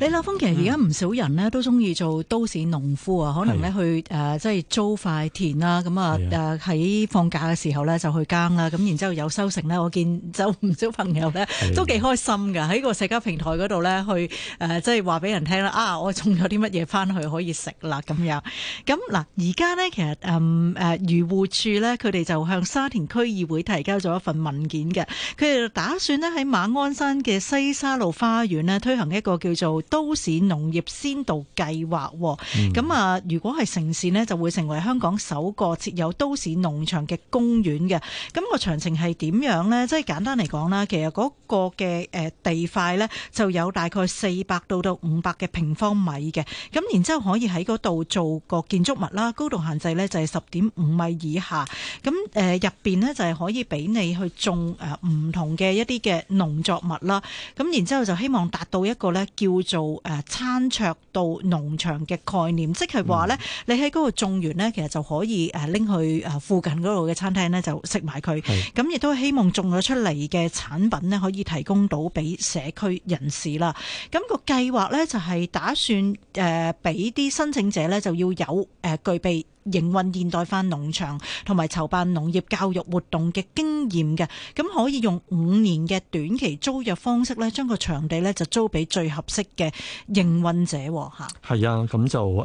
李立峰其實而家唔少人呢都中意做都市農夫啊，可能呢去誒，即係租塊田啦，咁啊誒，喺放假嘅時候呢就去耕啦，咁然之後有收成呢，我見就唔少朋友呢都幾開心㗎，喺個社交平台嗰度呢，去、呃、誒，即係話俾人聽啦，啊，我種咗啲乜嘢翻去可以食啦咁樣。咁嗱，而家呢，其實誒誒漁護署呢，佢哋就向沙田區議會提交咗一份文件嘅，佢哋打算呢，喺馬鞍山嘅西沙路花園呢推行一個叫做都市農業先導計劃，咁啊、嗯，如果係城市咧，就會成為香港首個設有都市農場嘅公園嘅。咁、那個詳情係點樣咧？即係簡單嚟講啦，其實嗰個嘅誒地塊咧，就有大概四百到到五百嘅平方米嘅。咁然之後可以喺嗰度做個建築物啦，高度限制咧就係十點五米以下。咁誒入邊咧就係可以俾你去種誒唔同嘅一啲嘅農作物啦。咁然之後就希望達到一個咧叫做做誒餐桌到農場嘅概念，即係話咧，你喺嗰度種完咧，其實就可以誒拎去誒附近嗰度嘅餐廳咧就食埋佢。咁亦的都希望種咗出嚟嘅產品咧，可以提供到俾社區人士啦。咁個計劃咧就係打算誒俾啲申請者咧就要有誒具備。營運現代化農場同埋籌辦農業教育活動嘅經驗嘅，咁可以用五年嘅短期租約方式咧，將個場地咧就租俾最合適嘅營運者吓。係啊，咁就誒係、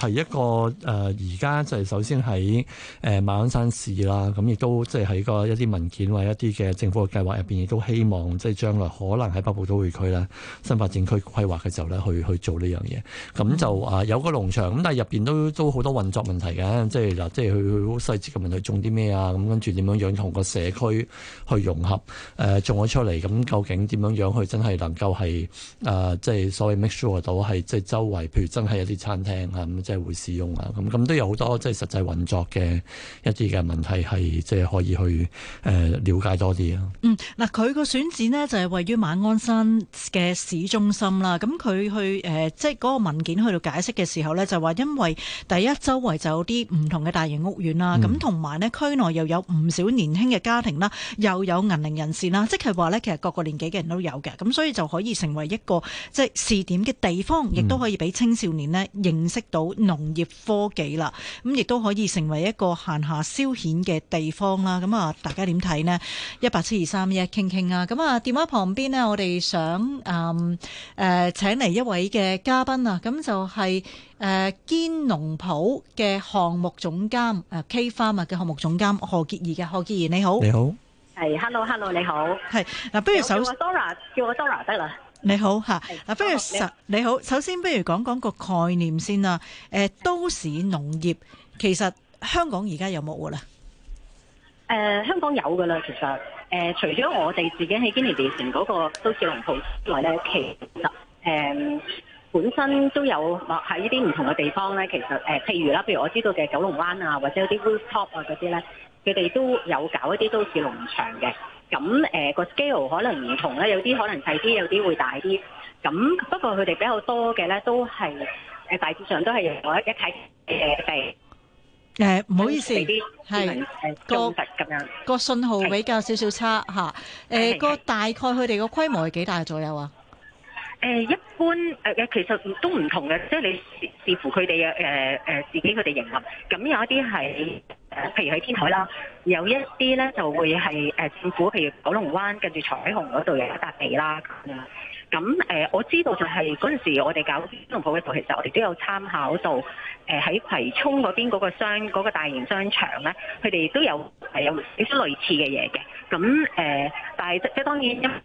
呃、一個誒而家就係首先喺誒馬鞍山市啦，咁亦都即係喺個一啲文件或者一啲嘅政府嘅計劃入邊，亦都希望即係將來可能喺北部都會區啦、新發展區規劃嘅時候咧，去去做呢樣嘢。咁、嗯、就啊有個農場，咁但係入邊都都好多運作問題。即係嗱，即係佢佢好細節嘅問題，種啲咩啊？咁跟住點樣樣同個社區去融合？誒、呃，種咗出嚟咁，究竟點樣樣去真係能夠係誒、呃，即係所謂 make sure 到係即係周圍，譬如真係有啲餐廳啊，咁即係會使用啊？咁咁都有好多即係實際運作嘅一啲嘅問題，係即係可以去誒了解多啲啊。嗯，嗱，佢個選址呢，就係位於馬鞍山嘅市中心啦。咁佢去誒、呃，即係嗰個文件去到解釋嘅時候咧，就話因為第一周圍就啲唔同嘅大型屋苑啦，咁同埋呢區內又有唔少年輕嘅家庭啦，又有銀齡人士啦，即係話呢，其實各個年紀嘅人都有嘅，咁所以就可以成為一個即係試點嘅地方，亦都、嗯、可以俾青少年呢認識到農業科技啦，咁亦都可以成為一個閒暇消遣嘅地方啦。咁啊，大家點睇呢？一八七二三一傾傾啊，咁啊，電話旁邊呢，我哋想誒誒，請嚟一位嘅嘉賓啊，咁就係、是。誒，堅、呃、農圃嘅項目總監，誒、啊、K-Farm 嘅項目總監何潔儀嘅何潔儀你好，你好，係好、hey, hello hello 你好，係嗱、啊，不如首我叫我 Dora，叫我 Dora 得啦，你好吓，嗱不如首你好，啊是啊、首先不如講講個概念先啦，誒、呃、都市農業其實香港而家有冇噶咧？誒、呃、香港有噶啦，其實誒、呃、除咗我哋自己喺堅尼地城嗰個都市農圃之外咧，其實誒。呃嗯本身都有落喺呢啲唔同嘅地方咧，其實誒、呃，譬如啦，譬如我知道嘅九龍灣啊，或者有啲 rooftop 啊嗰啲咧，佢哋都有搞一啲都市農場嘅。咁誒個 scale 可能唔同咧，有啲可能細啲，有啲會大啲。咁不過佢哋比較多嘅咧，都係誒大致上都係用一啲誒地誒，唔、呃呃、好意思，係個信號比較少少差吓。誒個大概佢哋個規模係幾大左右啊？呃、一般、呃、其實都唔同嘅，即係你視乎佢哋嘅自己佢哋營合。咁有一啲係譬如喺天台啦，有一啲咧就會係誒政府，譬如九龍灣跟住彩虹嗰度有一笪地啦咁樣。咁誒、呃，我知道就係嗰陣時我哋搞天龍鋪嘅時候，其實我哋都有參考到誒喺葵涌嗰邊嗰個商嗰個大型商場咧，佢哋都有係有少少類似嘅嘢嘅。咁誒、呃，但係即係當然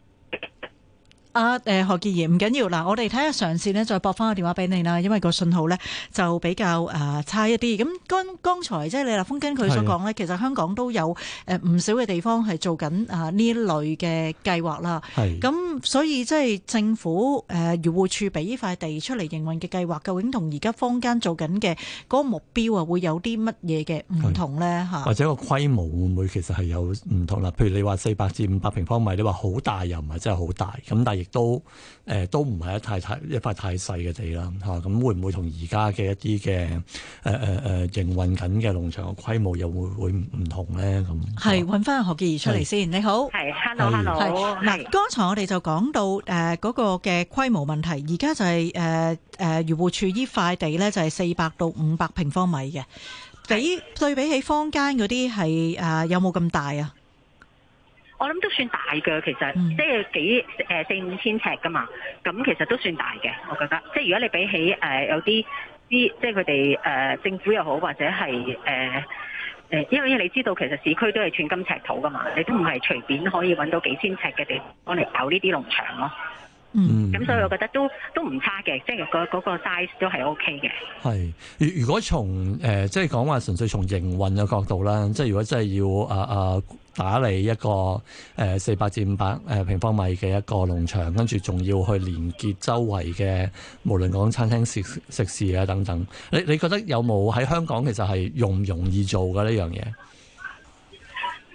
阿誒、啊、何潔儀，唔緊要嗱，我哋睇下上線咧，再撥翻個電話俾你啦，因為個信號呢就比較誒差一啲。咁剛剛才即係李立峰跟佢所講呢，其實香港都有誒唔少嘅地方係做緊啊呢一類嘅計劃啦。咁的所以即係政府誒漁護處漁護署俾呢塊地出嚟營運嘅計劃，究竟同而家坊間做緊嘅嗰個目標啊，會有啲乜嘢嘅唔同呢？嚇。或者個規模會唔會其實係有唔同啦？譬如你話四百至五百平方米，你話好大又唔係真係好大，咁但都誒、呃、都唔係一太太一塊太細嘅地啦嚇，咁、啊、會唔會同而家嘅一啲嘅誒誒誒營運緊嘅農場嘅規模又會會唔同咧？咁係揾翻何潔儀出嚟先，是你好，係 hello hello。嗱、啊，剛才我哋就講到誒嗰、呃嗰個嘅規模問題，而家就係誒誒漁護署依塊地咧就係四百到五百平方米嘅，比對比起坊間嗰啲係誒有冇咁大啊？我諗都算大嘅，其實即係幾誒四五千尺㗎嘛，咁其實都算大嘅。我覺得，即係如果你比起誒、呃、有啲啲，即係佢哋誒政府又好，或者係誒誒，因為你知道其實市區都係寸金尺土㗎嘛，你都唔係隨便可以揾到幾千尺嘅地方嚟搞呢啲農場咯。嗯，咁所以我覺得都都唔差嘅，即係嗰嗰個 size 都係 OK 嘅。係，如如果從誒、呃、即係講話純粹從營運嘅角度啦，即係如果真係要啊啊～啊打理一個四百、呃、至五百平方米嘅一個農場，跟住仲要去連結周圍嘅，無論講餐廳、食食肆啊等等，你你覺得有冇喺香港其實係容唔容易做嘅呢樣嘢？誒、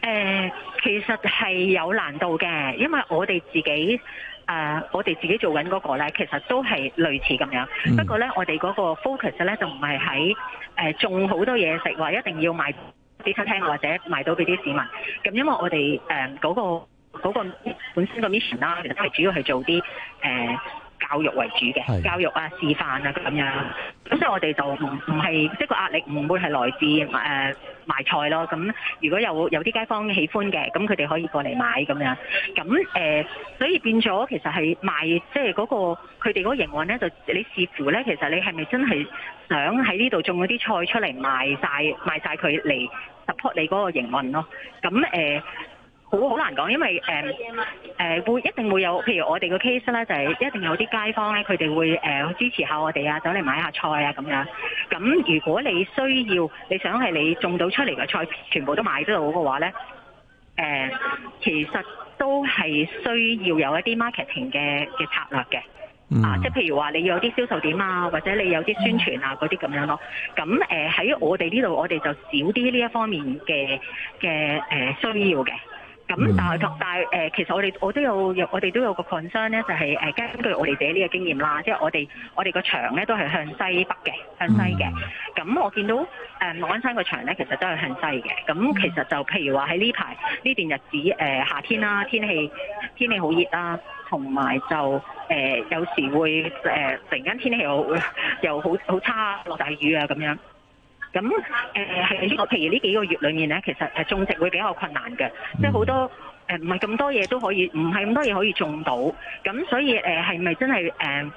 呃，其實係有難度嘅，因為我哋自己、呃、我哋自己做緊嗰個咧，其實都係類似咁樣。嗯、不過咧，我哋嗰個 focus 咧就唔係喺誒種好多嘢食，話一定要買俾餐廳或者賣到俾啲市民，咁因為我哋誒嗰個、嗰個本身個 mission 啦、啊，其實都係主要係做啲誒、呃、教育為主嘅教育啊示範啊咁樣，咁所以我哋就唔唔係即係個壓力唔會係來自誒。呃賣菜咯，咁如果有有啲街坊喜歡嘅，咁佢哋可以過嚟買咁樣，咁誒、呃，所以變咗其實係賣，即係嗰個佢哋嗰營運咧，就你視乎咧，其實你係咪真係想喺呢度種嗰啲菜出嚟賣晒，賣晒佢嚟 support 你嗰個營運咯，咁誒。呃好，好難講，因為誒誒、呃呃、會一定會有，譬如我哋個 case 咧，就係一定有啲街坊咧，佢哋會誒、呃、支持下我哋啊，走嚟買下菜啊咁樣。咁如果你需要，你想係你種到出嚟嘅菜全部都賣得到嘅話咧，誒、呃、其實都係需要有一啲 marketing 嘅嘅策略嘅，mm. 啊，即係譬如話你要有啲銷售點啊，或者你有啲宣傳啊嗰啲咁樣咯。咁誒喺我哋呢度，我哋就少啲呢一方面嘅嘅誒需要嘅。咁、嗯、但係但係、呃、其實我哋我都有我哋都有個 concern 咧，就係、是、誒、呃、根據我哋自己呢個經驗啦，即係我哋我哋個場咧都係向西北嘅，向西嘅。咁我見到誒馬鞍山個場咧，其實都係向西嘅。咁其實就譬如話喺呢排呢段日子、呃、夏天啦，天氣天氣好熱啦，同埋就、呃、有時會誒、呃、突然間天氣又又好好差，落大雨啊咁樣。咁誒係呢個，譬如呢幾個月裏面咧，其實係、呃、種植會比較困難嘅，即係好多誒唔係咁多嘢都可以，唔係咁多嘢可以種到，咁所以誒係咪真係誒？呃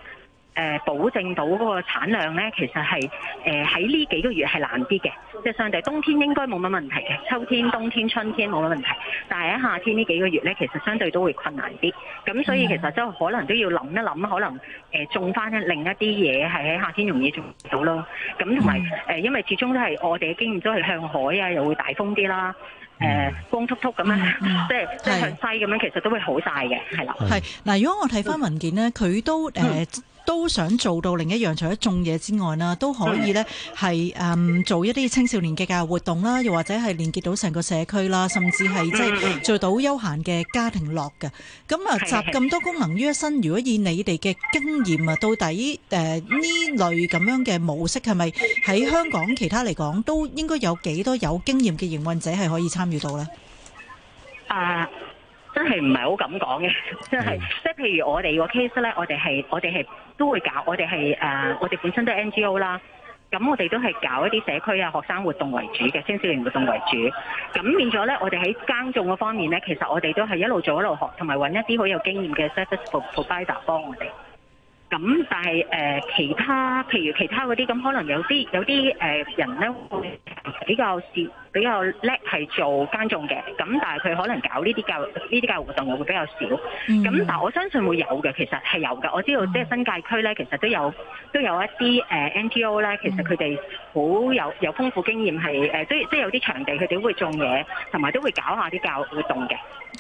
誒、呃、保證到嗰個產量咧，其實係誒喺呢幾個月係難啲嘅，即係相對冬天應該冇乜問題嘅，秋天、冬天、春天冇乜問題，但係喺夏天呢幾個月咧，其實相對都會困難啲。咁所以其實都可能都要諗一諗，可能誒、呃、種翻另一啲嘢係喺夏天容易做到咯。咁同埋誒，嗯、因為始終都係我哋嘅經驗都係向海啊，又會大風啲啦，誒、嗯呃、光禿禿咁樣，嗯嗯、 即係即係向西咁樣，是其實都會好晒嘅。係啦，係嗱。如果我睇翻文件咧，佢、嗯、都誒。呃嗯都想做到另一樣，除咗種嘢之外啦，都可以呢係誒做一啲青少年嘅教育活動啦，又或者係連結到成個社區啦，甚至係即係做到休閒嘅家庭樂嘅。咁啊，集咁多功能於一身，如果以你哋嘅經驗啊，到底誒呢、呃、類咁樣嘅模式係咪喺香港其他嚟講，都應該有幾多有經驗嘅營運者係可以參與到呢？啊！Uh 真係唔係好敢講嘅，真係即係譬如我哋個 case 咧，我哋係我哋係都會搞，我哋係誒我哋本身都係 NGO 啦，咁我哋都係搞一啲社區啊學生活動為主，嘅青少年活動為主，咁變咗咧我哋喺耕種嗰方面咧，其實我哋都係一路做一路學，同埋揾一啲好有經驗嘅 service provider 幫我哋。咁但係誒、呃、其他譬如其他嗰啲咁，可能有啲有啲誒、呃、人咧會比，比較擅比較叻係做耕種嘅，咁但係佢可能搞呢啲教呢啲教育活動又會比較少。咁、mm hmm. 但係我相信會有嘅，其實係有嘅。我知道即係新界區咧，其實都有都有一啲誒 NTO 咧，其實佢哋好有有豐富經驗係誒，即、呃、即有啲場地佢哋會種嘢，同埋都會搞下啲教育活動嘅。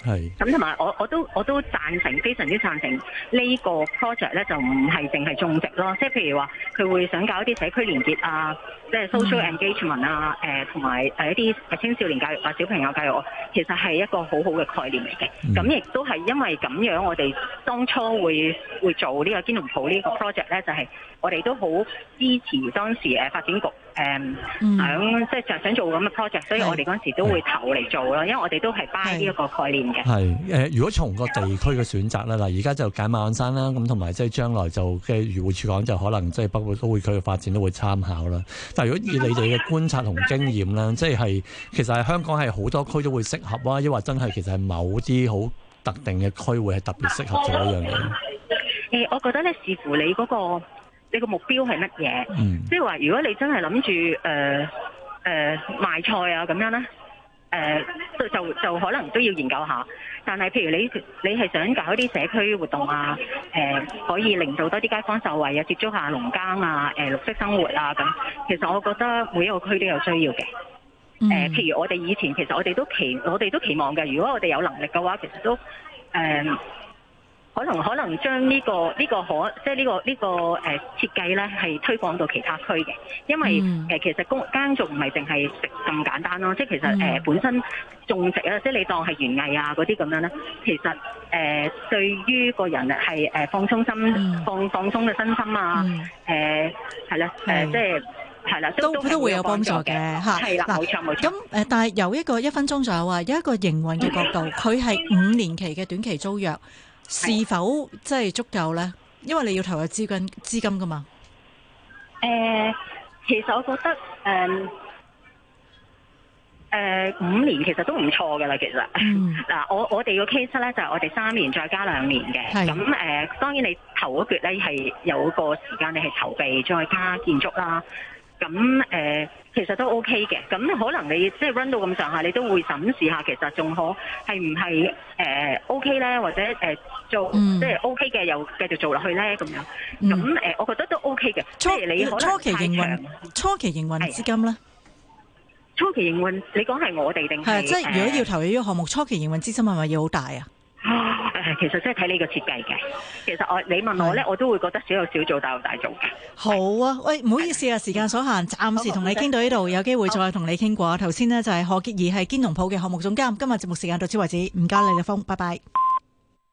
係，咁同埋我我都我都贊成，非常之贊成呢個 project 咧，就唔係淨係種植咯，即係譬如話佢會想搞一啲社區連結啊。即係 social engagement 啊，誒同埋誒一啲青少年教育啊、小朋友教育，其實係一個很好好嘅概念嚟嘅。咁亦、嗯、都係因為咁樣，我哋當初會會做這個這個呢個堅農圃呢個 project 咧，就係、是、我哋都好支持當時誒發展局誒想、呃嗯嗯、即係就想做咁嘅 project，所以我哋嗰陣時都會投嚟做咯。是因為我哋都係 buy 呢一個概念嘅。係誒、呃，如果從個地區嘅選擇啦，嗱而家就揀馬鞍山啦，咁同埋即係將來就嘅漁護署講就可能即係北部都會區嘅發展都會參考啦。如果以你哋嘅觀察同經驗咧，即係其實係香港係好多區都會適合啊，抑或真係其實係某啲好特定嘅區會係特別適合做一樣嘢？誒，我覺得咧，視乎你嗰個你個目標係乜嘢，嗯，即係話如果你真係諗住誒誒賣菜啊咁樣咧。誒、呃、就就可能都要研究下，但係譬如你你係想搞啲社區活動啊，呃、可以令到多啲街坊受惠啊，接觸下農耕啊、呃，綠色生活啊咁，其實我覺得每一個區都有需要嘅、呃。譬如我哋以前其實我哋都期我哋都期望嘅，如果我哋有能力嘅話，其實都、呃可能可能將呢、這個呢、這個可即呢、這個呢、這個誒、呃、設計咧，係推廣到其他區嘅，因為、嗯呃、其實工耕作唔係淨係食咁簡單咯，即其實誒、嗯呃、本身種植啊即係你當係園藝啊嗰啲咁樣咧，其實誒、呃、對於個人係誒放，、嗯、放，放鬆心放放鬆嘅身心啊，誒係啦誒即係係啦，都都，都，都會有幫助嘅嚇，係啦冇錯冇錯。咁誒、啊錯呃、但係由一個一分鐘左右啊，由一個營運嘅角度，佢係 Okay, 五年期嘅短期租約。是否即係足夠呢？因為你要投入資金資金噶嘛？誒、呃，其實我覺得誒誒、嗯呃、五年其實都唔錯噶啦。其實嗱、嗯，我的 case、就是、我哋個 case 咧就係我哋三年再加兩年嘅。咁誒是、呃，當然你投嗰橛咧係有一個時間你係籌備再加建築啦。咁誒、呃，其實都 OK 嘅。咁可能你即係 run 到咁上下，你都會審視下，其實仲可係唔係誒 OK 咧？或者誒、呃、做即係 OK 嘅，又繼續做落去咧咁樣。咁誒、嗯呃，我覺得都 OK 嘅。即係你初期營運，初期營運資金咧，初期營運你講係我哋定係即係如果要投入呢個項目，呃、初期營運資金係咪要好大啊？係，其實真係睇你個設計嘅。其實我你問我呢，我都會覺得少有少做，大有大做嘅。好啊，喂，唔好意思啊，時間所限，暫時同你傾到呢度，有機會再同你傾過。頭先的呢就係何潔儀係堅農圃嘅項目總監。今日節目時間到此為止，唔該，你嘅峰，拜拜。